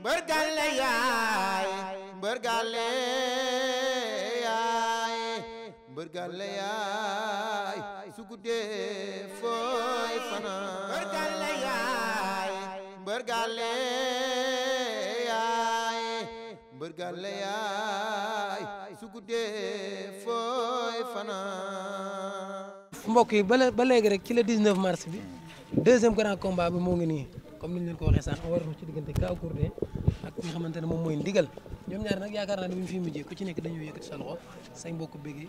mbër gàlle yaay mbër gàlle yaay mbër gàlle yaay su guddee fooy fanaan mbër gàlle yaay mbër gàlle yaay mbër gàlle yaay su guddee fooy fanaan mbokk yi ba léegi rek ci le 19 mars bi deuxième grand combat bi moo ngi nii comme ni leen ko waxee sànq war na ci diggante ne moom mooy ndigal ñoom ñaar nag yaakaar naa ne bu ñu fi mujjee ku ci nekk dañoo yëkkati sa loxo sañ bokk bëggee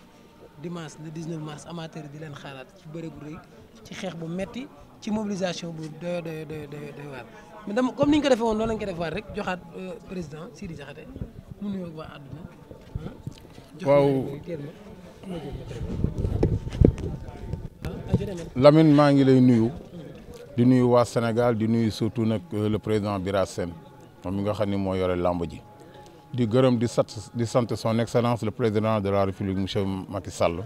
dimanche leen xaaraat ci bëre ci xeex bu metti ci mobilisation bu doyo doyo doyo doyo dama comme ni ñu ko defee woon noonu lañ ko defee waat rek joxaat euh, président Sidi Diakhaté mu nuyoo waa àdduna waaw maa ngi lay nuyu di nuyu waa Sénégal di nuyu surtout nag euh, le président Bira Sène moom mi nga xam ni moo yore làmb ji di gërëm di sant di sant son excellence le président de la république monsieur Macky Sall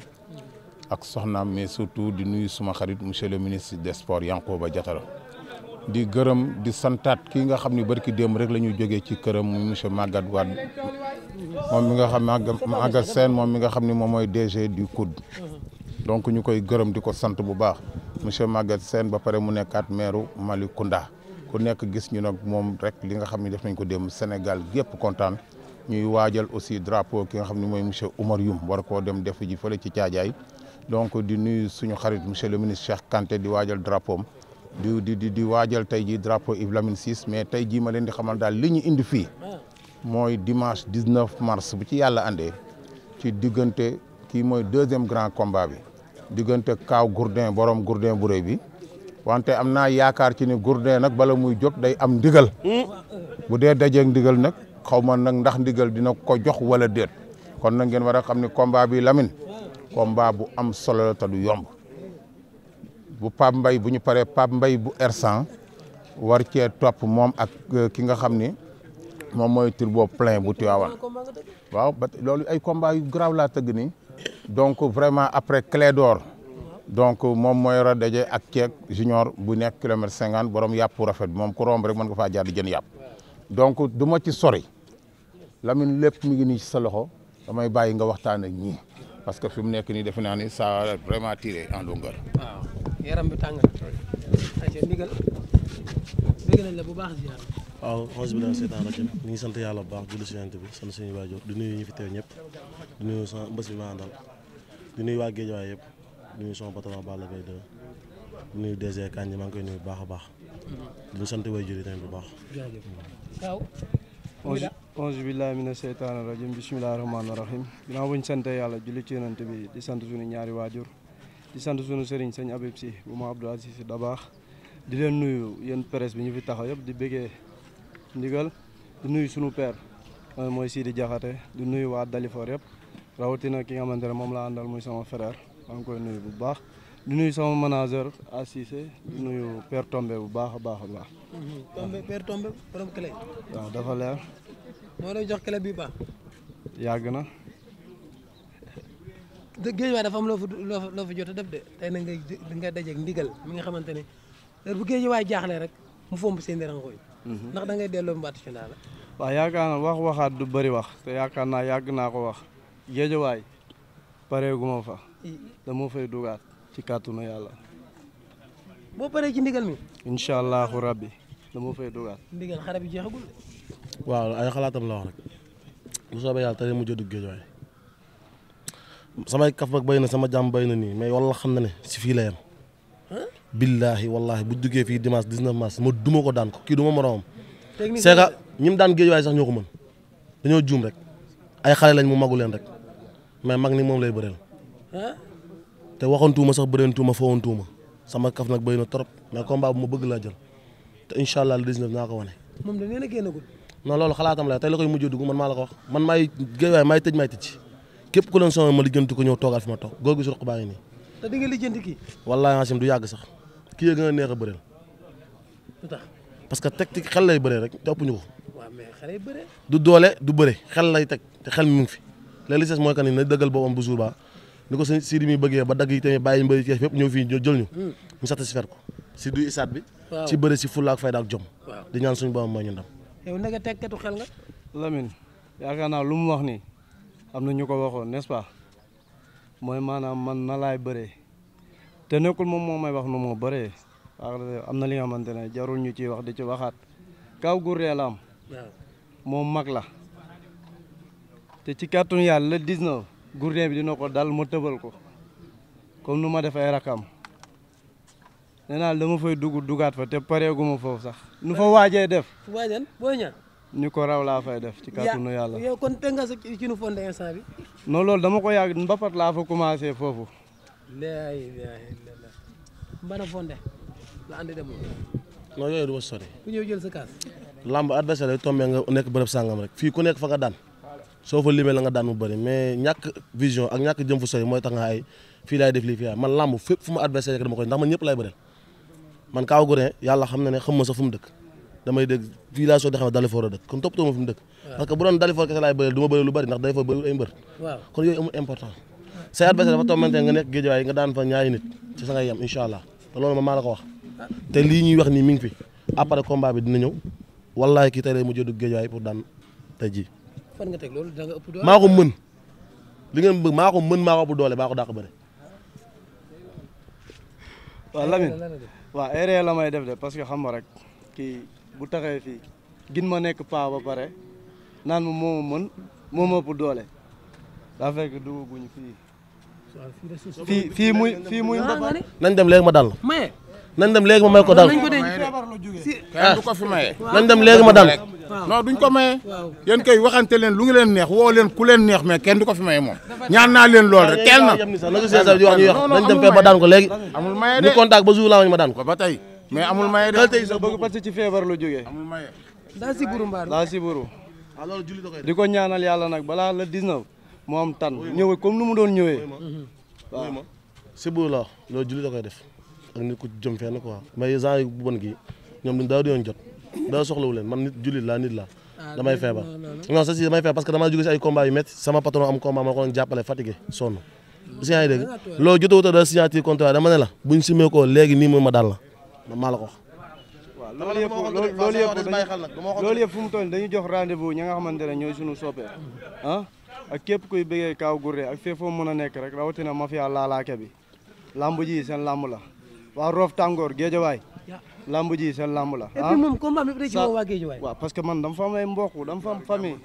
ak soxnaam mais surtout di nuyu suma xarit monsieur le ministre des sports ba Diattara di gërëm di santaat ki nga xam ni barki démb rek la ñu jógee ci këram monsieur Maguette Wade moom mi nga xam Maguette Sène moom mi nga xam ni moom mooy DG du COUD donc ñu koy gërëm di ko sant bu baax monsieur Maguette Sène ba pare mu nekkaat mali Malicounda ku nekk gis ñu nag moom rek li nga xam ne def nañ ko dem Sénégal gépp kontaan ñuy waajal aussi drapeau ki nga xam ne mooy monsieur Oumar Youm war koo dem def ji fële ci Caajaay donc di nuyu suñu xarit monsieur le ministre Cheikh Kanté di waajal drapeau am di di di waajal tey jii drapeau Yves Lamine mais tey jii ma leen di xamal daal li ñu indi fii mooy dimanche 19 mars bu ci yàlla andee ci diggante kii mooy deuxième grand combat bi. diggante kaaw gourdin borom gourdin bu rëy bi wante am naa yaakaar ci ni gourdin nag bala muy jóg day am ndigal bu dee dajeeg ndigal nag xaw ma nag ndax ndigal dina ko jox wala déet kon nag ngeen war a xam ni combat bi lamin komba bu am solo ta du yomb bu Pape mbay bu ñu paree Pape Mbaye bu r war cee topp moom ak euh, ki nga xam ni moom mooy turbo plein bu Tivaouane waaw ba loolu ay combat yu garaaw laa tëgg nii donc vraiment après Clédor donc moom mooy war a ak ceeb junior bu nekk kilomètre cinquante borom yàpp rafet moom ku romb rek mën nga faa jaar di jën yàpp donc du ma ci sori Lamine lépp mi ngi nii ci sa loxo damay bàyyi nga waxtaan ak ñii parce que fi mu nekk nii defe naa ni ça a vraiment tiré en longueur. waaw dégg nañ la bu waaw onze ngi sant yàlla bu baax julli si bi sant suñu waajur di nuyu ñu fi ñëpp di nuyu sama mbës bi yëpp di nuyu sama patron Balla Gaye 2 di nuyu DG Kandji maa ngi baax a baax di sant waajur yi tamit bu baax. jaajëf waaw. auzu billaahi mina seytaani rajiim bismillaahi rahmaani rahiim ginnaaw bu ñu sante yàlla julli ci yonent bi di sant suñu ñaari waajur di sant suñu sëriñ sëñ Abib si bu ma Abdou Aziz Dabaax di leen nuyu yéen presse bi ñu fi taxaw yëpp di bëggee ndigal di nuyu sunu père mooy di Diakhaté di nuyu waa Dalifor yëpp rawatina ki nga xamante ne moom laa àndal muy sama frère maa ngi koy nuyu bu baax di nuyu sama manager Assise di nuyu père Tombe bu baax a baax a baax. Mhm. Tombe père Tombe borom dafa leer. moo lay jox clé bi baax. yàgg na. géej waay dafa am loo fa jot a def de tey na nga nga dajeeg ndigal mi nga xamante ne. heure bu géej waay jaaxle rek mu fomb seen dérangooy mhm. ndax da ngay delloo mbaatu ci ndaa la waaw yaakaar wax waxaat du bari wax te yaakaar naa yàgg naa ko wax géejawaay pareeguma fa dama fay dugaat ci kàttanu yàlla boo pare ci ndigal mi incha allahu rabbi dama fay dugaat ndigal xare bi jeexagul waaw ay xalaatam la wax rek bu soobee yàlla tare mu jëdu géejawaay samay kaf nag béy na sama jàmm béy na nii mais walla xam na si fii la billaahi wallaahi bu duggee fii dimanche 19 mars ma duma ko daan ko kii du ma moroomam. technique c'est que ñi daan géej waaye sax ñoo ko mën dañoo juum rek ay xale lañ mu magu leen rek mais mag ni moom lay bëreel. te waxantuuma sax bërentuuma fawantuuma sama kaf nag béy na trop mais combat bu ma bëgg laa jël te incha allah le naa ko wane. moom da ngeen a génnagul. non loolu xalaatam la tey la koy mujjee dugg man maa la ko man maa géej waaye maay tëj maay tëj képp ku leen sonal ma lijjanti ko ñëw toogaat fi ma toog góor gi su ruq baa ngi nii. te di nga lijjanti kii. wallaahi du yàgg sax. kii ya gën neex a bëreel. lu tax parce que teg ci xel lay bëree rek te ëpp ñu ko. mais du doole du bëre xel lay teg te xel mi fi léegi li ci des mooy que na dëggal boppam bu jour ba ni ko sëñ Sidi mi bëggee ba dagg yi tamit bàyyi mbëri Cees yëpp ñëw fii jël ñu. Hmm. mu si du isaat bi. ci bëre si fulla ak fayda ak jom. di ñaan suñu boppam mooy ñu ndam. yow nag tekkatu xel nga. Lamine yaakaar naa lu mu wax nii am na ñu ko waxoo n'est-ce pas mooy maanaam man na laay bëree te nekkul moom moo may wax nu moo bëree am na li nga xamante ne jarul ñu ciy wax di ci waxaat kaw guree moom mag la te ci kàttanu yàlla le 19 guree bi dina ko dal ma tëbal ko comme nu ma def ay rakam nee naa dama fay dugg dugaat fa te pareeguma foofu sax nu fa waajee def ñu ko raw laa fay def ci kàttanu yàlla yow kon tënga sa ci nu fonde instant bi non loolu dama ko yàgg mbapat laa fa commencé foofu laa ilaaha illallaah mbana fonde la ànd demul non yooyu du ma sori ku ñëw jël nekk bërëb sàngam rek fii ku nekk fa nga daan soo fa limee la nga daan mu bëri mais ñàkk vision ak ñàkk jëm fu sori mooy tax nga ay fii laay def lii fii man lamb fépp fu ma adversaire rek dama koy ndax man ñëpp lay bëreel man Kaw Gourdin yàlla xam na ne xam ma sax fu mu dëkk damay dégg fii laa soo de xam ne Dalifor a dëkk kon toppatoo fu dëkk parce que bu doon Dalifor kese laay bëreel du ma lu bëri ndax Dalifor bëriwul ay mbër say adversaire dafa tombante nga nekk géejawaay nga daan fa ñaari nit ci sa ngay yem incha loolu ma maa la ko wax te lii ñuy wax nii mi ngi fi après combat bi dina ñëw wallaay kii tey mu mujjee dugg géejawaay pour daan te jii. fan nga teg loolu da maa ko mën li ngeen bëgg maa ko mën maa ko ëpp doole baax ko dàq bëre. la may def de parce que xam nga rek kii bu taxee fii gin ma nekk paa ba pare naan ma moo ma mën moo ma ëpp doole daa fekk dugguñu fii. fii fii muy fii muy nañ dem léegi ma dal maye nañ dem léegi ma may ko dal ah. du ko fi maye nañ dem léegi ma dal non duñ ko maye yéen leen lu ngi leen neex woo leen ku leen neex mais kenn du ko fi maye moom ñaan naa leen lool rek teel na nag seen sa di wax ñuy wax nañ dem ko léegi amul maye de laa ma daan ko ba tey mais amul maye de tey sa bëgg parce que ci feebar la jógee amul maye daa si buru mbaar ah, di ko ñaanal yàlla nag balaa la 19 mu am tànn ñëwee comme nu mu doon ñëwee. waaw ma si buur la loolu julli da koy def ak nit ku jëm fenn quoi mais genre yu bon jot daa soxlawu man nit jullit nit laa. damay feebar non c'est si damay parce que damaa jóge si ay combat yu sama patron am combat ma ko doon jàppale fatigué si yaa ngi dégg ah, loolu jotawut a da signature contrat ne la buñ simee ko léegi nii mooy ma daal la man maa la ko wax. loolu yëpp loolu yëpp loolu yëpp fu ak képp kuy bëggee Kaw Gourdin ak fépp foo mën a nekk rek rawatina mafia laalaake bi lamb ji seen lamb waa Roof Tàngoor Géejawaay lamb ji seen lamb la. ah et puis ah. waa Géejawaay. parce que man dam fa am ay mbokk dama fa am famille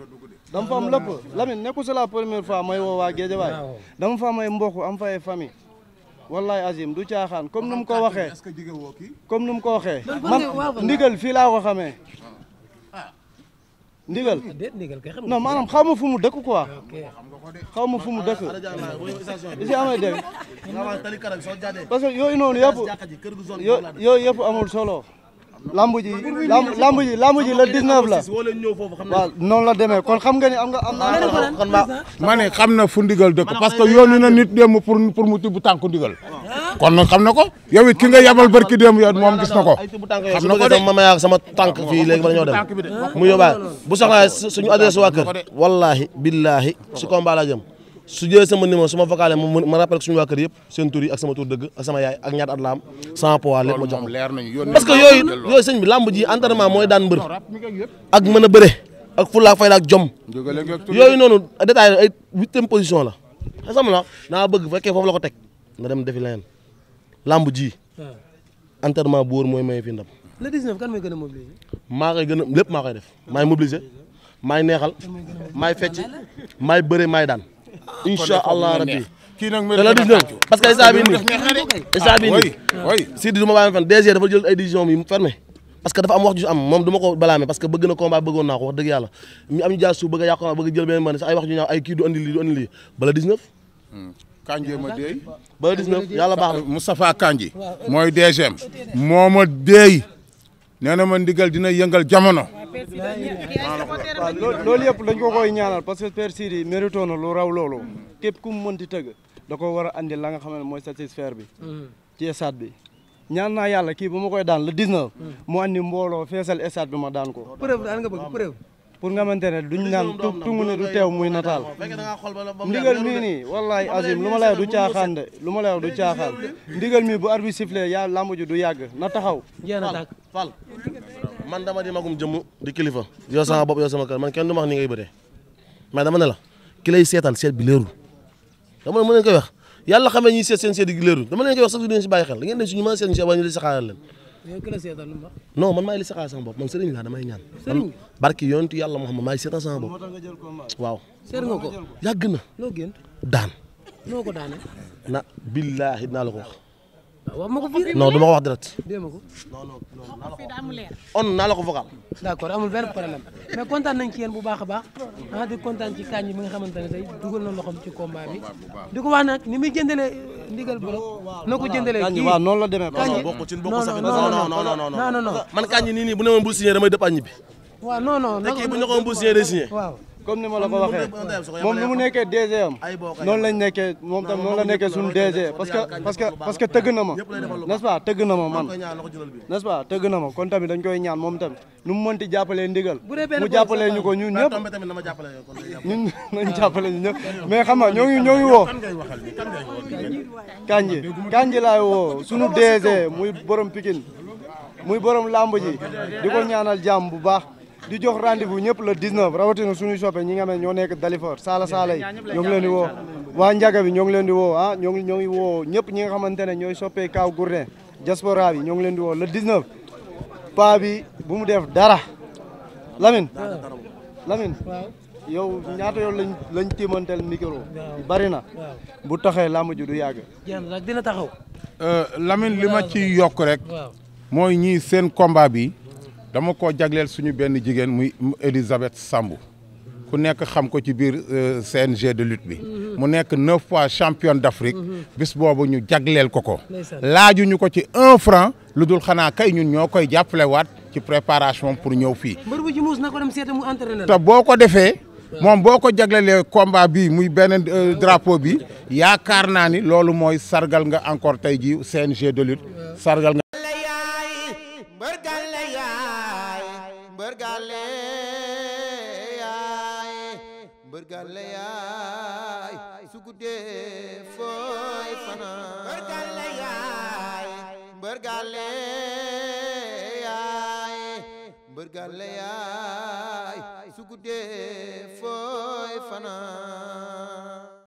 dama fa am lépp Lamine nekkul c'est la première fois may woo waa am ay mbokk am Azim du caaxaan comme nu mu ko waxee comme nu mu ko waxee man ndigal fii ndigal ah, non maanaam xaw ma fu mu dëkk quoi xaw ma fu mu dëkk ah, si amay dégg parce que yooyu noonu yëpp yo yooyu yëpp amul solo lamb ji lamb ji lamb ji la 19 la waaw noonu la demee kon xam nga ni am nga am na ah, ma ne xam na fu digal dëkk parce que yoonu na nit démb pour pour mu tibb tànku ndigal kon nag xam na ko yow it ki nga yabal barki démb moom gis na ko xam na ko ma mayaak sama tànk fii léegi bala ñoo dem mu yóbbaay bu soxlaa suñu adresse waa wallahi billahi su combat laa jëm su jëlee sama numéro su ma vocalé ma rappelé suñu waa kër yëpp seen tur yi ak sama tur dëgg ak sama yaay ak ñaata at la am sans poids lépp ma parce que yooyu yooyu sëñ bi lamb ji entraînement mooy daan mbër ak mën a bëre ak fulla fayda ak jom yooyu noonu détail ay huitième position la xam nga la ko teg na dem defi leneen làmb ji. Ah. entraînement bu wóor mooy maye fi ndam. le 19 kan mooy gën maa koy gën lépp maa koy def maay mobiliser maay neexal maay fecc maay bëre maay daan ah, incha allah rabbi kii nag mooy parce que instant bii nii ma bàyyi dafa jël ay décision yu fermé parce que dafa am wax am moom du ma ko balaame parce que bëgg na combat bëggoon naa ko wax dëgg yàlla ñu am ñu jaar suuf bëgg a jël beneen man sax ay wax ju kii du andi lii bala 19. Kanji ma déy. ba 19 yàlla baax na Moustapha Kanji mooy DGM. moo ma déy. nee na ma ndigal dina yëngal jamono. waaw loolu yëpp dañ ko koy ñaanal parce que Père Sidi mérito lu raw loolu. képp ku mu mënti tëgg. da ko war a andi la nga xam ne mooy satisfaire bi. Mm. ci stade bi. ñaan naa yàlla kii ba ma koy daan le 19. Mm. mu andi mbooloo feesal stade bi ma daan ko. pour nga xamante ne duñ naan tungu ne du teew muy nataal ndigal mii nii wallahi azim lu ma lay du caaxaan de lu ma lay du caaxaan ndigal mii bu arbitre sifflé yaa lamb du yàgg na taxaw fal man dama di magum jëmm di kilifa yow sama bopp yow sama kër man kenn du ma wax ni ngay bëree mais dama la ki lay seetaan seet bi dama ne mën nañ seet seen dama leen koy wax sax du si bàyyi da ngeen ne suñu mën a seet ñu seet wala ñu leen si xaaral leen non man maay li saxaa sama bopp man sëriñ laa damay ñaan. sëriñ barki yonentu yàlla Muhammad maay seetaan sama bopp waaw. seet nga ko yàgg na. loo gën daan. noo ko daane. na billaahi dinaa la ko wax. Ah, wax ma ko fii non du ma ko wax direct. dee ma ko. non non non la ko vocal. d' accord amul benn problème mais kontaan nañ ci yéen bu baax a baax ah di kontaan ci kañ bi nga xamante ne tey dugal na loxoom ci combat bi di ko ni muy jëndalee. ndigal borom na ko kii waaw noonu la demee man kañ nii nii bu ne woon bu signé damay dëpp ñibbi waaw non non comme ni ma la ko waxee moom ni mu nekkee DG am noonu lañ nekkee moom tam noonu la nekkee suñu DG parce que parce que parce que tëgg na ma n'est-ce tëgg na ma man nest tëgg na ma kon tamit dañ koy ñaan moom tamit nu mu mënti jàppalee ndigal mu jàppalee ñu ko ñun ñëpp ñun nañ jàppale ñu ñëpp mais xam nga ñoo ngi ñoo ngi woo kanji kanji laay woo suñu DG muy borom Pikine muy borom làmb ji di ko ñaanal jàmm bu baax di jox rendez-vous ñëpp le 19 rawatina suñuy soppe ñi nga xam ne ñoo nekk Dalifort Saala Saala yi ñoo ngi leen di woo waa Njaga ñoo ngi leen di woo ah ñoo woo ñëpp ñi nga xamante ne ñooy soppe Kaaw Gourdin diaspora bi ñoo ngi leen di woo le 19 pa bi bu mu def dara Lamine lamin yow ñaata yoon lañ lañ tiimanteel micro bari na bu taxee làmb ji du yàgg dina taxaw euh, Lamine li ma ci yokk rek mooy ñii seen combat bi dama ko jagleel suñu benn jigéen muy Elisabeth sambu ku nekk xam ko ci biir seen euh, CNG de lutte bi mm-hmm. mu nekk neuf fois championne d'Afrique mm-hmm. bis boobu ñu jagleel ko ko laajuñu ko ci un franc lu dul xanaa kay ñun ñoo koy jàppalewaat ci préparation pour ñëw fii te boo ko defee moom boo ko jaglelee combat bi muy benn euh, drapeau bi yaakaar naa ni loolu mooy sargal nga encore tey ji CNG de lutte sargal nga mbërgale yaay mbërgale yaay su guddee fooy fanaan mbërgale yaay mbërgale yaay mbërgale yaay su guddee